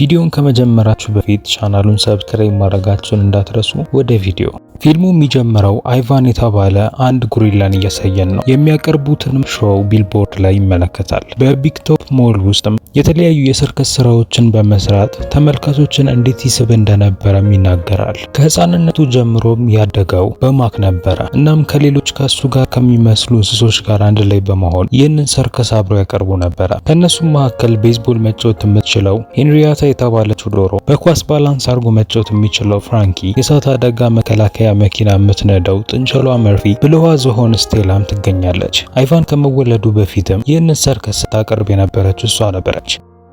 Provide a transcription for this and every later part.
ቪዲዮን ከመጀመራችሁ በፊት ቻናሉን ሰብስክራይብ ማድረጋችሁን እንዳትረሱ። ወደ ቪዲዮ ፊልሙ የሚጀምረው አይቫን የተባለ አንድ ጉሪላን እያሳየን ነው። የሚያቀርቡትንም ሾው ቢልቦርድ ላይ ይመለከታል። በቢግቶፕ ሞል ውስጥም የተለያዩ የሰርከስ ስራዎችን በመስራት ተመልካቾችን እንዴት ይስብ እንደነበረም ይናገራል። ከህፃንነቱ ጀምሮም ያደገው በማክ ነበረ። እናም ከሌሎች ከእሱ ጋር ከሚመስሉ እንስሶች ጋር አንድ ላይ በመሆን ይህንን ሰርከስ አብረው ያቀርቡ ነበረ። ከእነሱም መካከል ቤዝቦል መጫወት የምትችለው ሄንሪያ የተባለችው ዶሮ በኳስ ባላንስ አድርጎ መጫወት የሚችለው ፍራንኪ፣ የእሳት አደጋ መከላከያ መኪና የምትነዳው ጥንቸሏ መርፊ፣ ብልዋ ዝሆን ስቴላም ትገኛለች። አይቫን ከመወለዱ በፊትም ይህንን ሰርከስ ስታቀርብ የነበረች እሷ ነበረች።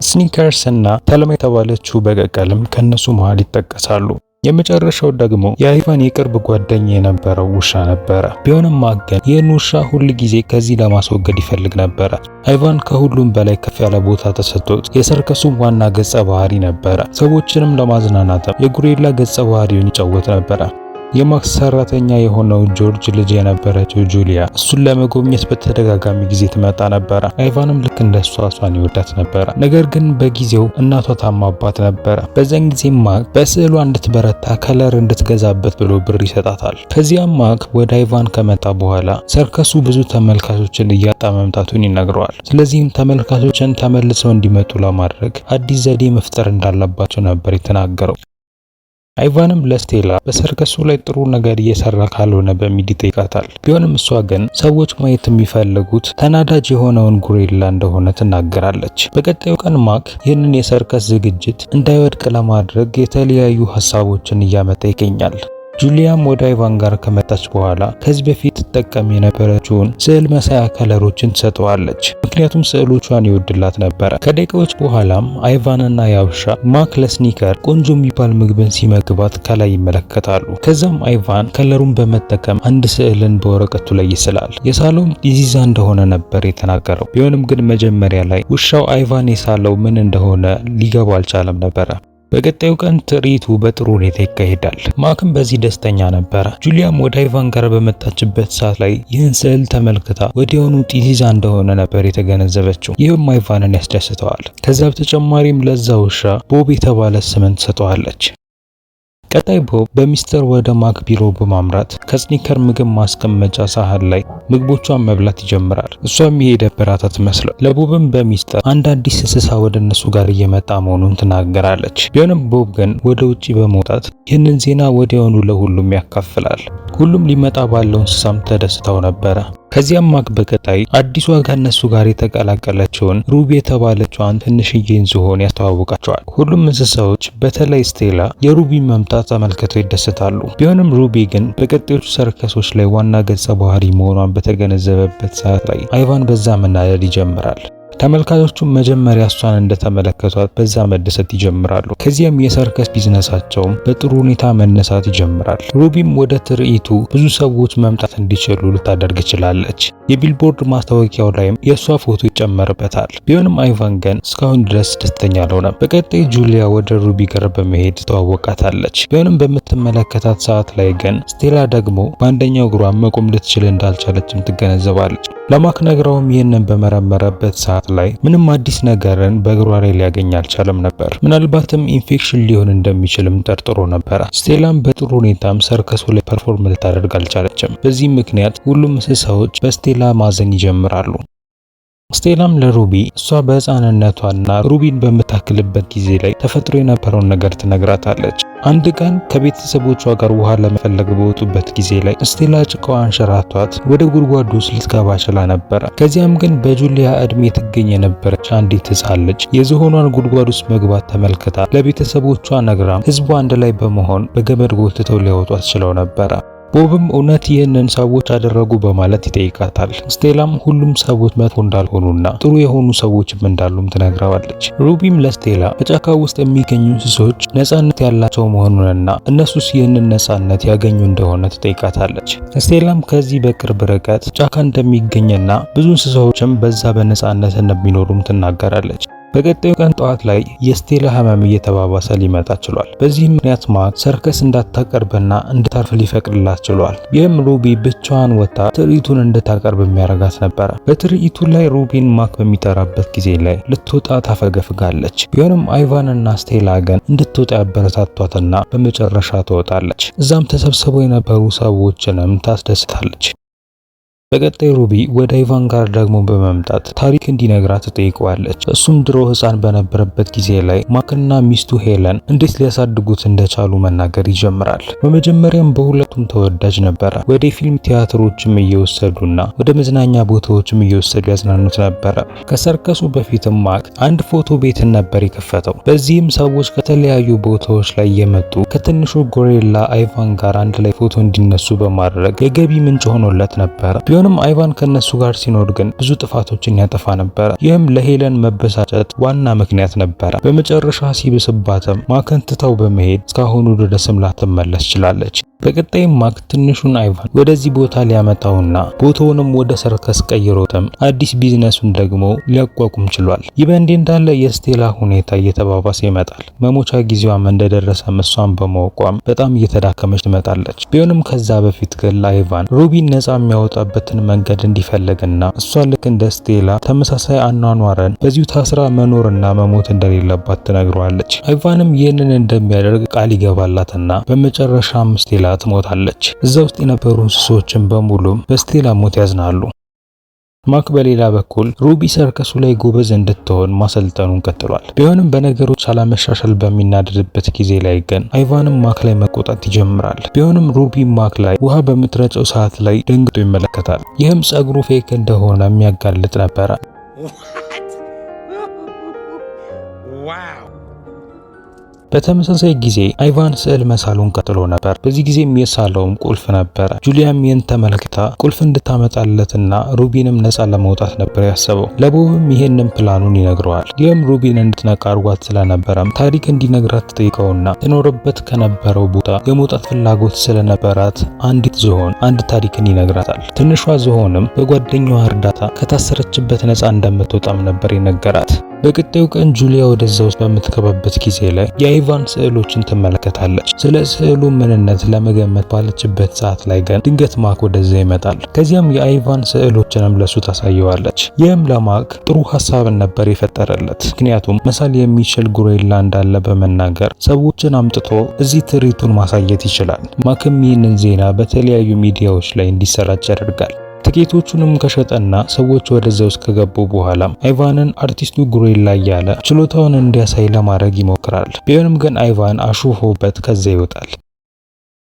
ስኒከርስ እና ተልማ የተባለችው በቀቀልም ከእነሱ መሃል ይጠቀሳሉ። የመጨረሻው ደግሞ የአይቫን የቅርብ ጓደኛ የነበረው ውሻ ነበረ። ቢሆንም ማገን ይህን ውሻ ሁል ጊዜ ከዚህ ለማስወገድ ይፈልግ ነበረ። አይቫን ከሁሉም በላይ ከፍ ያለ ቦታ ተሰጥቶት የሰርከሱ ዋና ገጸ ባህሪ ነበረ። ሰዎችንም ለማዝናናትም የጉሬላ ገጸ ባህሪውን ይጫወት ነበረ። የማክስ ሰራተኛ የሆነው ጆርጅ ልጅ የነበረችው ጁሊያ እሱን ለመጎብኘት በተደጋጋሚ ጊዜ ትመጣ ነበረ። አይቫንም ልክ እንደ እሷ እሷን ይወዳት ነበረ። ነገር ግን በጊዜው እናቷ ታማባት ነበረ። በዚያን ጊዜ ማክ በስዕሏ እንድትበረታ ከለር እንድትገዛበት ብሎ ብር ይሰጣታል። ከዚያም ማክ ወደ አይቫን ከመጣ በኋላ ሰርከሱ ብዙ ተመልካቾችን እያጣ መምጣቱን ይነግረዋል። ስለዚህም ተመልካቾችን ተመልሰው እንዲመጡ ለማድረግ አዲስ ዘዴ መፍጠር እንዳለባቸው ነበር የተናገረው። አይቫንም ለስቴላ በሰርከሱ ላይ ጥሩ ነገር እየሰራ ካልሆነ በሚል ይጠይቃታል። ቢሆንም እሷ ግን ሰዎች ማየት የሚፈልጉት ተናዳጅ የሆነውን ጉሬላ እንደሆነ ትናገራለች። በቀጣዩ ቀን ማክ ይህንን የሰርከስ ዝግጅት እንዳይወድቅ ለማድረግ የተለያዩ ሀሳቦችን እያመጣ ይገኛል። ጁሊያም ወደ አይቫን ጋር ከመጣች በኋላ ከዚህ በፊት ትጠቀም የነበረችውን ስዕል መሳያ ከለሮችን ትሰጠዋለች። ምክንያቱም ስዕሎቿን ይወድላት ነበረ። ከደቂቃዎች በኋላም አይቫንና ያብሻ ማክ ለስኒከር ቆንጆ የሚባል ምግብን ሲመግባት ከላይ ይመለከታሉ። ከዛም አይቫን ከለሩን በመጠቀም አንድ ስዕልን በወረቀቱ ላይ ይስላል። የሳለውም ዲዚዛ እንደሆነ ነበር የተናገረው። ቢሆንም ግን መጀመሪያ ላይ ውሻው አይቫን የሳለው ምን እንደሆነ ሊገባ አልቻለም ነበረ። በቀጣዩ ቀን ትርኢቱ በጥሩ ሁኔታ ይካሄዳል። ማክም በዚህ ደስተኛ ነበረ። ጁሊያም ወደ አይቫን ጋር በመጣችበት ሰዓት ላይ ይህን ስዕል ተመልክታ ወዲያውኑ ጢዚዛ እንደሆነ ነበር የተገነዘበችው። ይህም አይቫንን ያስደስተዋል። ከዛ በተጨማሪም ለዛ ውሻ ቦብ የተባለ ስምን ትሰጠዋለች። ቀጣይ ቦብ በሚስጥር ወደ ማክ ቢሮ በማምራት ከስኒከር ምግብ ማስቀመጫ ሳህን ላይ ምግቦቿን መብላት ይጀምራል። እሷም የደበራታ ትመስላል። ለቦብም በሚስጥር አንድ አዲስ እንስሳ ወደ እነሱ ጋር እየመጣ መሆኑን ትናገራለች። ቢሆንም ቦብ ግን ወደ ውጪ በመውጣት ይህንን ዜና ወዲያውኑ ለሁሉም ያካፍላል። ሁሉም ሊመጣ ባለው እንስሳም ተደስተው ነበረ። ከዚያም ማክ በቀጣይ አዲሷ ከእነሱ ጋር የተቀላቀለችውን ሩቢ የተባለችዋን ትንሽዬን ዝሆን ያስተዋውቃቸዋል። ሁሉም እንስሳዎች በተለይ ስቴላ የሩቢ መምጣት ተመልክተው ይደሰታሉ። ቢሆንም ሩቢ ግን በቀጣዮቹ ሰርከሶች ላይ ዋና ገጸ ባህሪ መሆኗን በተገነዘበበት ሰዓት ላይ አይቫን በዛ መናደድ ይጀምራል። ተመልካቾቹም መጀመሪያ እሷን እንደተመለከቷት በዛ መደሰት ይጀምራሉ። ከዚያም የሰርከስ ቢዝነሳቸውም በጥሩ ሁኔታ መነሳት ይጀምራል። ሩቢም ወደ ትርኢቱ ብዙ ሰዎች መምጣት እንዲችሉ ልታደርግ ችላለች። የቢልቦርድ ማስታወቂያው ላይም የእሷ ፎቶ ይጨመርበታል። ቢሆንም አይቫን ግን እስካሁን ድረስ ደስተኛ አልሆነም። በቀጣይ ጁሊያ ወደ ሩቢ ጋር በመሄድ ተዋወቃታለች። ቢሆንም በምትመለከታት ሰዓት ላይ ግን ስቴላ ደግሞ በአንደኛው እግሯ መቆም ልትችል እንዳልቻለችም ትገነዘባለች። ለማክ ነግራውም ይህንን በመረመረበት ሰዓት ላይ ምንም አዲስ ነገርን በእግሯ ላይ ሊያገኝ አልቻለም ነበር። ምናልባትም ኢንፌክሽን ሊሆን እንደሚችልም ጠርጥሮ ነበረ። ስቴላም በጥሩ ሁኔታም ሰርከሱ ላይ ፐርፎርም ልታደርግ አልቻለችም። በዚህም ምክንያት ሁሉም እንስሳዎች በስቴላ ማዘን ይጀምራሉ። ስቴላም ለሩቢ እሷ በህፃንነቷና ሩቢን በምታክልበት ጊዜ ላይ ተፈጥሮ የነበረውን ነገር ትነግራታለች። አንድ ቀን ከቤተሰቦቿ ጋር ውሃ ለመፈለግ በወጡበት ጊዜ ላይ ስቴላ ጭቃዋን ሸራቷት ወደ ጉድጓዱ ውስጥ ልትገባ ችላ ነበረ። ከዚያም ግን በጁሊያ እድሜ ትገኝ የነበረች አንዲት ህፃን ልጅ የዝሆኗን ጉድጓድ ውስጥ መግባት ተመልክታ ለቤተሰቦቿ ነግራም ህዝቡ አንድ ላይ በመሆን በገመድ ጎትተው ሊያወጧት ችለው ነበረ። ቦብም እውነት ይህንን ሰዎች አደረጉ በማለት ይጠይቃታል። ስቴላም ሁሉም ሰዎች መጥፎ እንዳልሆኑና ጥሩ የሆኑ ሰዎችም እንዳሉም ትነግረዋለች። ሩቢም ለስቴላ በጫካ ውስጥ የሚገኙ እንስሶች ነጻነት ያላቸው መሆኑንና እነሱስ ይህንን ነጻነት ያገኙ እንደሆነ ትጠይቃታለች። ስቴላም ከዚህ በቅርብ ርቀት ጫካ እንደሚገኝና ብዙ እንስሳዎችም በዛ በነጻነት እንደሚኖሩም ትናገራለች። በቀጣዩ ቀን ጠዋት ላይ የስቴላ ህመም እየተባባሰ ሊመጣ ችሏል። በዚህም ምክንያት ማክ ሰርከስ እንዳታቀርብና እንድታርፍ ሊፈቅድላት ችሏል። ይህም ሩቢ ብቻዋን ወጥታ ትርኢቱን እንድታቀርብ የሚያደርጋት ነበረ። በትርኢቱ ላይ ሩቢን ማክ በሚጠራበት ጊዜ ላይ ልትወጣ ታፈገፍጋለች። ቢሆንም አይቫን እና ስቴላ ግን እንድትወጣ ያበረታቷትና በመጨረሻ ትወጣለች። እዛም ተሰብስበው የነበሩ ሰዎችንም ታስደስታለች። በቀጣይ ሩቢ ወደ ኢቫን ጋር ደግሞ በመምጣት ታሪክ እንዲነግራት ትጠይቀዋለች። እሱም ድሮ ሕፃን በነበረበት ጊዜ ላይ ማክና ሚስቱ ሄለን እንዴት ሊያሳድጉት እንደቻሉ መናገር ይጀምራል። በመጀመሪያም በሁለቱም ተወዳጅ ነበረ። ወደ ፊልም ቲያትሮችም እየወሰዱና ወደ መዝናኛ ቦታዎችም እየወሰዱ ያዝናኑት ነበረ። ከሰርከሱ በፊትም ማክ አንድ ፎቶ ቤትን ነበር የከፈተው። በዚህም ሰዎች ከተለያዩ ቦታዎች ላይ የመጡ ከትንሹ ጎሪላ አይቫን ጋር አንድ ላይ ፎቶ እንዲነሱ በማድረግ የገቢ ምንጭ ሆኖለት ነበረ። ቢሆንም አይቫን ከነሱ ጋር ሲኖር ግን ብዙ ጥፋቶችን ያጠፋ ነበረ። ይህም ለሄለን መበሳጨት ዋና ምክንያት ነበረ። በመጨረሻ ሲብስባትም ማከን ትታው በመሄድ እስካሁኑ ድረስም ላትመለስ ችላለች። በቀጣይም ማክ ትንሹን አይቫን ወደዚህ ቦታ ሊያመጣውና ቦታውንም ወደ ሰርከስ ቀይሮትም አዲስ ቢዝነሱን ደግሞ ሊያቋቁም ችሏል። ይህ በእንዲህ እንዳለ የስቴላ ሁኔታ እየተባባሰ ይመጣል። መሞቻ ጊዜዋም እንደደረሰ እሷን በማወቋም በጣም እየተዳከመች ትመጣለች። ቢሆንም ከዛ በፊት ግን ላይቫን ሩቢን ነጻ የሚያወጣበትን መንገድ እንዲፈለግና እሷ ልክ እንደ ስቴላ ተመሳሳይ አኗኗረን በዚሁ ታስራ መኖርና መሞት እንደሌለባት ትነግረዋለች። አይቫንም ይህንን እንደሚያደርግ ቃል ይገባላትና በመጨረሻም ስቴላ ትሞታለች። እዛ ውስጥ የነበሩ እንስሶችን በሙሉም በስቴላ ሞት ያዝናሉ። ማክ በሌላ በኩል ሩቢ ሰርከሱ ላይ ጎበዝ እንድትሆን ማሰልጠኑን ቀጥሏል። ቢሆንም በነገሮች አለመሻሻል በሚናደድበት ጊዜ ላይ ግን አይቫንም ማክ ላይ መቆጣት ይጀምራል። ቢሆንም ሩቢ ማክ ላይ ውሃ በምትረጨው ሰዓት ላይ ደንግጦ ይመለከታል። ይህም ጸጉሩ ፌክ እንደሆነ የሚያጋልጥ ነበረ። በተመሳሳይ ጊዜ አይቫን ስዕል መሳሉን ቀጥሎ ነበር። በዚህ ጊዜም የሳለውም ቁልፍ ነበር። ጁሊያም ይህን ተመልክታ ቁልፍ እንድታመጣለትና ሩቢንም ነጻ ለመውጣት ነበር ያሰበው። ለቦብም ይሄንን ፕላኑን ይነግረዋል። ይህም ሩቢን እንድትነቃ አርጓት ስለነበረም ታሪክ እንዲነግራት ትጠይቀውና ትኖርበት ከነበረው ቦታ የመውጣት ፍላጎት ስለነበራት አንዲት ዝሆን አንድ ታሪክን ይነግራታል። ትንሿ ዝሆንም በጓደኛዋ እርዳታ ከታሰረችበት ነፃ እንደምትወጣም ነበር ይነገራት። በቀጣዩ ቀን ጁሊያ ወደዛ ውስጥ በምትገባበት ጊዜ ላይ የአይቫን ስዕሎችን ትመለከታለች። ስለ ስዕሉ ምንነት ለመገመት ባለችበት ሰዓት ላይ ግን ድንገት ማክ ወደዛ ይመጣል። ከዚያም የአይቫን ስዕሎችንም ለሱ ታሳየዋለች። ይህም ለማክ ጥሩ ሀሳብን ነበር የፈጠረለት። ምክንያቱም መሳል የሚችል ጉሬላ እንዳለ በመናገር ሰዎችን አምጥቶ እዚህ ትርኢቱን ማሳየት ይችላል። ማክም ይህንን ዜና በተለያዩ ሚዲያዎች ላይ እንዲሰራጭ ያደርጋል። ትኬቶቹንም ከሸጠና ሰዎች ወደዚያው እስከገቡ በኋላ አይቫንን አርቲስቱ ጉሬላ እያለ ችሎታውን እንዲያሳይ ለማድረግ ይሞክራል። ቢሆንም ግን አይቫን አሹፎበት ከዚያ ይወጣል።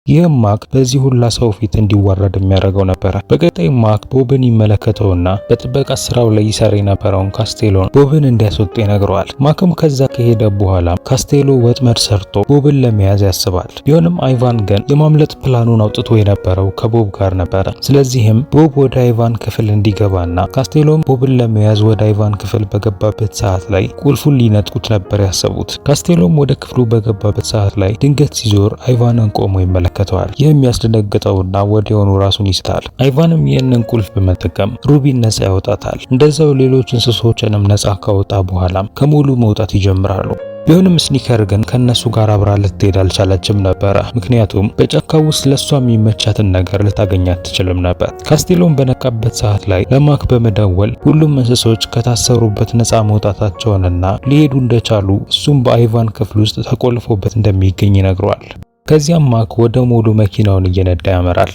ይህም ማክ በዚህ ሁላ ሰው ፊት እንዲዋረድ የሚያደርገው ነበረ። በቀጣይ ማክ ቦብን ይመለከተውና በጥበቃ ስራው ላይ ይሰራ የነበረውን ካስቴሎን ቦብን እንዲያስወጡ ይነግረዋል። ማክም ከዛ ከሄደ በኋላ ካስቴሎ ወጥመድ ሰርቶ ቦብን ለመያዝ ያስባል። ቢሆንም አይቫን ግን የማምለጥ ፕላኑን አውጥቶ የነበረው ከቦብ ጋር ነበረ። ስለዚህም ቦብ ወደ አይቫን ክፍል እንዲገባና ካስቴሎም ቦብን ለመያዝ ወደ አይቫን ክፍል በገባበት ሰዓት ላይ ቁልፉን ሊነጥቁት ነበር ያሰቡት። ካስቴሎም ወደ ክፍሉ በገባበት ሰዓት ላይ ድንገት ሲዞር አይቫንን ቆሞ ይመለከታል። ይመለከተዋል። ይህም ያስደነግጠውና ወዲያውኑ ራሱን ይስታል። አይቫንም ይህንን ቁልፍ በመጠቀም ሩቢን ነጻ ያወጣታል። እንደዛው ሌሎች እንስሶችንም ነጻ ካወጣ በኋላም ከሙሉ መውጣት ይጀምራሉ። ቢሆንም ስኒከር ግን ከነሱ ጋር አብራ ልትሄድ አልቻለችም ነበረ። ምክንያቱም በጫካ ውስጥ ለሷ የሚመቻትን ነገር ልታገኛ አትችልም ነበር። ካስቴሎን በነቃበት ሰዓት ላይ ለማክ በመደወል ሁሉም እንስሶች ከታሰሩበት ነፃ መውጣታቸውንና ሊሄዱ እንደቻሉ እሱም በአይቫን ክፍል ውስጥ ተቆልፎበት እንደሚገኝ ይነግሯል። ከዚያም ማክ ወደ ሙሉ መኪናውን እየነዳ ያመራል።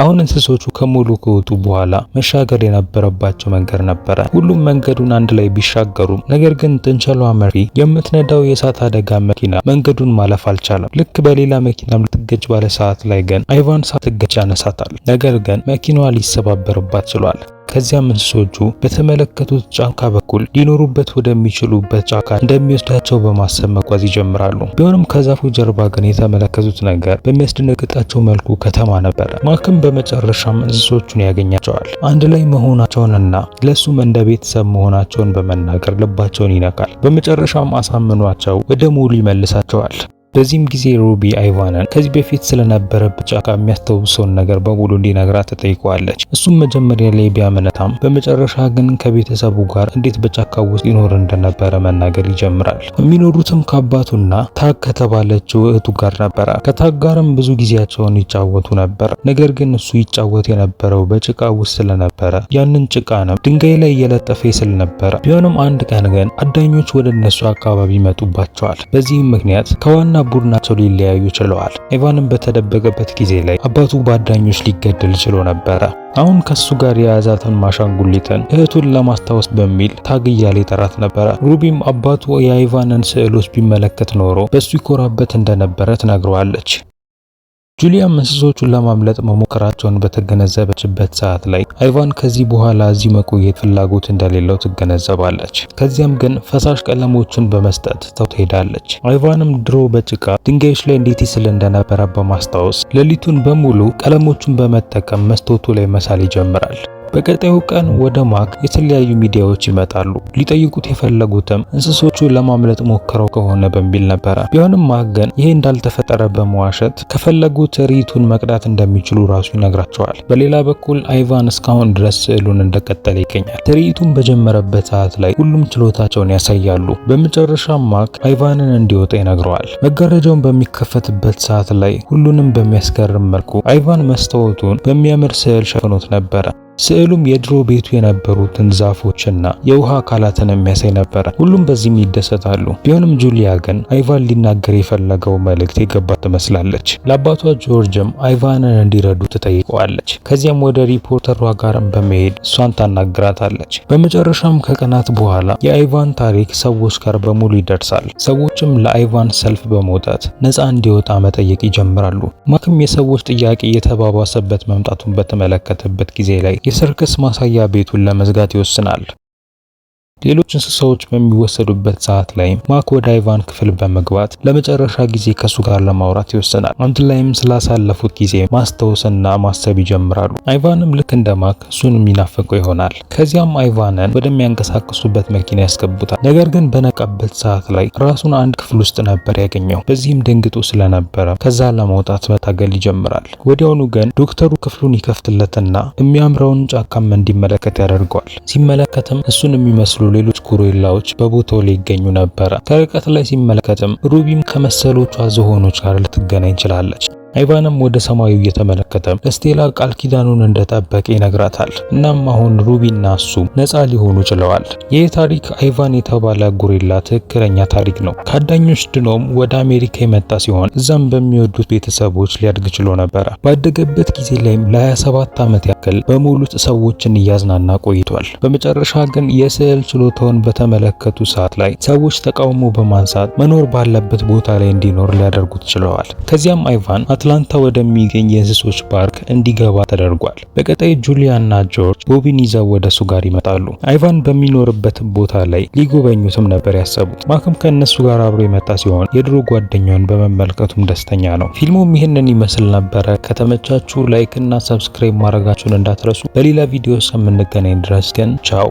አሁን እንስሶቹ ከሙሉ ከወጡ በኋላ መሻገር የነበረባቸው መንገድ ነበረ። ሁሉም መንገዱን አንድ ላይ ቢሻገሩም ነገር ግን ጥንቸሏ መርፊ የምትነዳው የእሳት አደጋ መኪና መንገዱን ማለፍ አልቻለም። ልክ በሌላ መኪናም ልትገጭ ባለ ሰዓት ላይ ግን አይቫን ሳትገጭ ያነሳታል። ነገር ግን መኪናዋ ሊሰባበርባት ችሏል። ከዚያም እንስሶቹ በተመለከቱት ጫካ በኩል ሊኖሩበት ወደሚችሉበት ጫካ እንደሚወስዳቸው በማሰብ መጓዝ ይጀምራሉ። ቢሆንም ከዛፉ ጀርባ ግን የተመለከቱት ነገር በሚያስደነግጣቸው መልኩ ከተማ ነበረ። ማክም በመጨረሻም እንስሶቹን ያገኛቸዋል። አንድ ላይ መሆናቸውንና ለሱ እንደ ቤተሰብ መሆናቸውን በመናገር ልባቸውን ይነካል። በመጨረሻም አሳምኗቸው ወደ ሙሉ ይመልሳቸዋል። በዚህም ጊዜ ሩቢ አይቫንን ከዚህ በፊት ስለነበረበት ጫካ የሚያስታውሰውን ነገር በሙሉ እንዲነግራት ተጠይቀዋለች። እሱም መጀመሪያ ላይ ቢያመነታም በመጨረሻ ግን ከቤተሰቡ ጋር እንዴት በጫካ ውስጥ ይኖር እንደነበረ መናገር ይጀምራል። የሚኖሩትም ከአባቱና ታግ ከተባለችው እህቱ ጋር ነበረ። ከታግ ጋርም ብዙ ጊዜያቸውን ይጫወቱ ነበር። ነገር ግን እሱ ይጫወት የነበረው በጭቃ ውስጥ ስለነበረ ያንን ጭቃንም ድንጋይ ላይ እየለጠፈ ስለነበረ ቢሆንም አንድ ቀን ግን አዳኞች ወደ እነሱ አካባቢ ይመጡባቸዋል። በዚህም ምክንያት ከዋና አጎናቸው ሊለያዩ ችለዋል። ኤቫንም በተደበቀበት ጊዜ ላይ አባቱ በአዳኞች ሊገደል ችሎ ነበረ። አሁን ከሱ ጋር የያዛትን ማሻንጉሊትን እህቱን ለማስታወስ በሚል ታግ እያለ ይጠራት ነበረ። ሩቢም አባቱ የአይቫንን ስዕሎች ቢመለከት ኖሮ በሱ ይኮራበት እንደነበረ ትነግረዋለች። ጁሊያም እንስሶቹን ለማምለጥ መሞከራቸውን በተገነዘበችበት ሰዓት ላይ አይቫን ከዚህ በኋላ እዚህ መቆየት ፍላጎት እንደሌለው ትገነዘባለች። ከዚያም ግን ፈሳሽ ቀለሞችን በመስጠት ተው ትሄዳለች። አይቫንም ድሮ በጭቃ ድንጋዮች ላይ እንዴት ይስል እንደነበረ በማስታወስ ሌሊቱን በሙሉ ቀለሞቹን በመጠቀም መስታወቱ ላይ መሳል ይጀምራል። በቀጣዩ ቀን ወደ ማክ የተለያዩ ሚዲያዎች ይመጣሉ። ሊጠይቁት የፈለጉትም እንስሶቹ ለማምለጥ ሞክረው ከሆነ በሚል ነበረ። ቢሆንም ማክ ግን ይሄ እንዳልተፈጠረ በመዋሸት ከፈለጉት ሪቱን መቅዳት እንደሚችሉ ራሱ ይነግራቸዋል። በሌላ በኩል አይቫን እስካሁን ድረስ ስዕሉን እንደቀጠለ ይገኛል። ትርኢቱን በጀመረበት ሰዓት ላይ ሁሉም ችሎታቸውን ያሳያሉ። በመጨረሻ ማክ አይቫንን እንዲወጣ ይነግረዋል። መጋረጃውን በሚከፈትበት ሰዓት ላይ ሁሉንም በሚያስገርም መልኩ አይቫን መስታወቱን በሚያምር ስዕል ሸፍኖት ነበረ። ስዕሉም የድሮ ቤቱ የነበሩትን ዛፎችና የውሃ አካላትን የሚያሳይ ነበረ። ሁሉም በዚህም ይደሰታሉ። ቢሆንም ጁሊያ ግን አይቫን ሊናገር የፈለገው መልእክት የገባ ትመስላለች። ለአባቷ ጆርጅም አይቫንን እንዲረዱ ትጠይቀዋለች። ከዚያም ወደ ሪፖርተሯ ጋርም በመሄድ እሷን ታናግራታለች። በመጨረሻም ከቀናት በኋላ የአይቫን ታሪክ ሰዎች ጋር በሙሉ ይደርሳል። ሰዎችም ለአይቫን ሰልፍ በመውጣት ነፃ እንዲወጣ መጠየቅ ይጀምራሉ። ማክም የሰዎች ጥያቄ የተባባሰበት መምጣቱን በተመለከተበት ጊዜ ላይ የሰርከስ ማሳያ ቤቱን ለመዝጋት ይወስናል። ሌሎች እንስሳዎች በሚወሰዱበት ሰዓት ላይም ማክ ወደ አይቫን ክፍል በመግባት ለመጨረሻ ጊዜ ከሱ ጋር ለማውራት ይወሰናል። አንድ ላይም ስላሳለፉት ጊዜ ማስታወስና ማሰብ ይጀምራሉ። አይቫንም ልክ እንደ ማክ እሱን ይናፈቀው ይሆናል። ከዚያም አይቫንን ወደሚያንቀሳቅሱበት መኪና ያስገቡታል። ነገር ግን በነቃበት ሰዓት ላይ ራሱን አንድ ክፍል ውስጥ ነበር ያገኘው። በዚህም ደንግጦ ስለነበረ ከዛ ለመውጣት መታገል ይጀምራል። ወዲያውኑ ግን ዶክተሩ ክፍሉን ይከፍትለትና የሚያምረውን ጫካም እንዲመለከት ያደርገዋል። ሲመለከትም እሱን የሚመስሉ ሌሎች ጎሪላዎች በቦታው ላይ ይገኙ ነበረ። ከርቀት ላይ ሲመለከትም ሩቢም ከመሰሎቿ ዝሆኖች ጋር ልትገናኝ ችላለች። አይቫንም ወደ ሰማዩ እየተመለከተ ለስቴላ ቃል ኪዳኑን እንደጠበቀ ይነግራታል። እናም አሁን ሩቢና እሱ ነፃ ሊሆኑ ችለዋል። ይህ ታሪክ አይቫን የተባለ ጎሪላ ትክክለኛ ታሪክ ነው። ከአዳኞች ድኖም ወደ አሜሪካ የመጣ ሲሆን እዛም በሚወዱት ቤተሰቦች ሊያድግ ችሎ ነበረ። ባደገበት ጊዜ ላይም ለ27 ዓመት ያክል በሙሉት ሰዎችን እያዝናና ቆይቷል። በመጨረሻ ግን የስዕል ችሎታውን በተመለከቱ ሰዓት ላይ ሰዎች ተቃውሞ በማንሳት መኖር ባለበት ቦታ ላይ እንዲኖር ሊያደርጉት ችለዋል። ከዚያም አይቫን አትላንታ ወደሚገኝ የእንስሶች ፓርክ እንዲገባ ተደርጓል። በቀጣይ ጁሊያና ጆርጅ ቦቢን ይዘው ወደ እሱ ጋር ይመጣሉ። አይቫን በሚኖርበት ቦታ ላይ ሊጎበኙትም ነበር ያሰቡት። ማክም ከእነሱ ጋር አብሮ የመጣ ሲሆን የድሮ ጓደኛውን በመመልከቱም ደስተኛ ነው። ፊልሙም ይህንን ይመስል ነበረ። ከተመቻችሁ ላይክ እና ሰብስክራይብ ማድረጋችሁን እንዳትረሱ። በሌላ ቪዲዮ እስከምንገናኝ ድረስ ግን ቻው።